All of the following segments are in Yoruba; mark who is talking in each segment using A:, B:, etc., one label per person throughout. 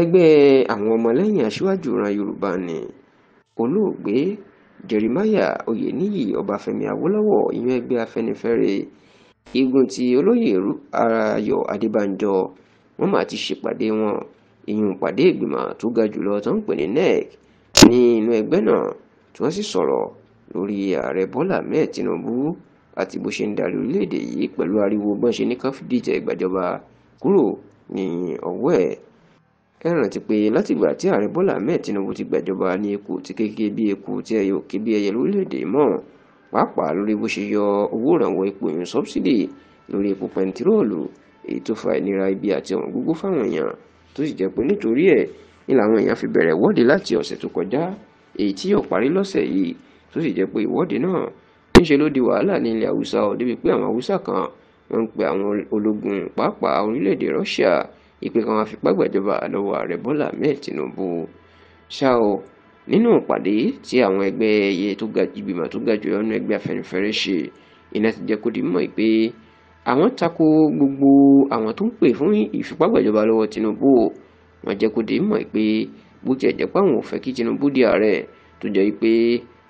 A: ẹgbẹ́ àwọn ọmọlẹ́yìn aṣíwájú ìran yorùbá ní olóògbé jeremiah oyeniyi ọbáfẹ́mi awólọ́wọ̀ ìyẹn ẹgbẹ́ afẹ́nifẹ́re igun ti olóyè ayọ̀ adébánjọ wọ́n máa ti ṣèpàdé wọn ìyẹn ìpàdé ìgbìmọ̀ tó ga jùlọ tó ń pè ní nec ní inú ẹgbẹ́ náà tí wọ́n sì sọ̀rọ̀ lórí ààrẹ bọ́lá ahmed tinubu àti bó ṣe ń darí orílẹ̀-èdè yìí pẹ̀lú ariwo bọ́n ṣe ní ká fìdíjẹ ìgbàjọba kúrò ní ọwọ́ ẹ̀ ẹ rántí pé látìgbà tí ààrẹ bọ́lá ahmed tinubu ti gbàjọba ní eku ti kéke bí eku tí ẹyẹ òkè bí ẹyẹ lórílẹ̀‐èdè mọ́ pàápàá lórí bó ṣe yọ owó ìrànwọ́ epo ìyún sọ́bsidì lórí epo pẹntiróòlù èyí tó fa ìnira ibi àti ọ̀wọ́n gógó fáwọn èèyàn tó sì jẹ́ pé nítorí ẹ̀ ni làwọn èèyàn fi bẹ̀rẹ̀ ìwọ́de láti ọ̀sẹ̀ tó kọjá èyí tí yóò parí lọ́sẹ̀ yìí tó sì jẹ́ pé ìwọ́de náà níṣe ló di wàhálà ní ilẹ̀ haúsá ọ̀ débi pé àwọn haúsá kan wọ́n ń pe àwọn ológun pàápàá orílẹ̀-èdè Russia ìpè kan àfipá gbàjọba lọ́wọ́ ààrẹ Bọ́lá Ahmed Tinubu ṣá o nínú ìpàdé tí àwọn ẹgbẹ́ ẹyẹ tó ga ìgbìmọ̀ tó ga jùlọ nínú ẹgbẹ́ Afẹ́nifẹ́re ṣe iná ti jẹ́ kó di mọ̀ pé àwọn tako gbogbo àwọn tó ń pè fún ìfipágbàjọba lọ́wọ́ Tinubu wọ́n jẹ́ kó di mọ̀ pé bó tiẹ̀ jẹ́ pé àwọn ò fẹ́ kí Tinubu di ààrẹ tó jẹ́ pé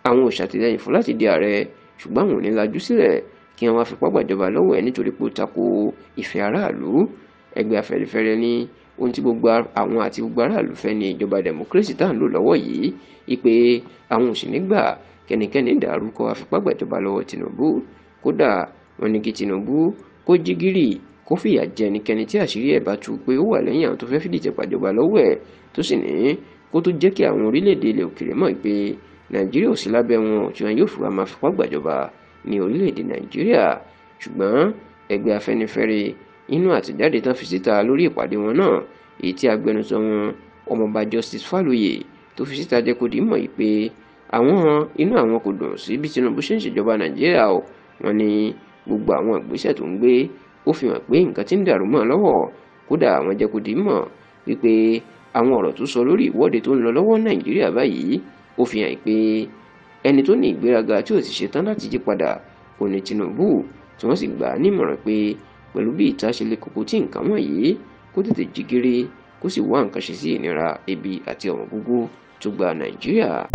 A: àwọn ò ṣàtìlẹ́yìn fún láti di ààrẹ ṣùgbọ́n àwọn ò ní lajú sílẹ̀ kí wọ́n fipágbàjọba lọ́wọ́ ẹ̀ nítorí pé ó tako ìfẹ́ aráàlú ẹgbẹ́ afẹ́nifẹ́re ní ohun tí gbogbo àwọn àti gbogbo aráàlú fẹ́ ní ìjọba democracy tá à ń lò lọ́wọ́ yìí ipe àwọn ò sì nígbà kẹ́nikẹ́ni dàrúkọ àfipágbàjọba lọ́wọ́ Tinubu kódà wọ́n ní kí Tinubu kó jí gìrì kó fìyà jẹ ẹnikẹ́ni tí àṣírí ẹ̀ bá tú pé ó wà lẹ́yìn àwọn tó fẹ́ fìdíje pàjọba lọ́wọ́ ẹ̀ tó sì ní kó tó jẹ́ kí àwọn orílẹ̀-èdè ilẹ̀ òkèèrè mọ̀ pé nàìjíríà ò sí lábẹ́ wọn tí wọn yóò fura máa fipá gbàjọba ní orílẹ̀-èdè nàìjíríà ṣùgbọ́n ẹgbẹ́ afẹ́nifẹ́re nínú àtẹ̀jáde tán fi síta lórí ìpàdé wọn náà èyí tí agbẹnusọ wọn ọmọọba justice fálóyè tó fi síta jẹ́ kó dìímọ̀ yìí pé àwọn inú àwọn kò dùn sí bí tinubu ṣe ń ṣèjọba nàìjíríà o wọ́n ní gbogbo àwọn ìgbésẹ̀ tó ń gbé ó fi hàn pé nǹkan ti ń dàrú mọ́ lọ́wọ́ kódà àwọn jẹ́ kó dìímọ̀ wípé àwọn ọ̀rọ̀ tó sọ lórí ìwọ́de tó ń lọ lọ́wọ́ nàìjíríà báyìí ó fi hàn pé ẹni tó ní ìgbéraga tí ò sì ṣetán láti yí padà kò ní tinubu tí wọ́n sì gbà á nímọ̀ràn pé pẹ̀lú bí ìta ṣe le koko tí nǹkan wọ̀nyí kó tètè jí gírí kó sì wá nǹkan ṣe sí ìnira ebi àti ọ̀wọ́n gógó tó gba nàìjíríà.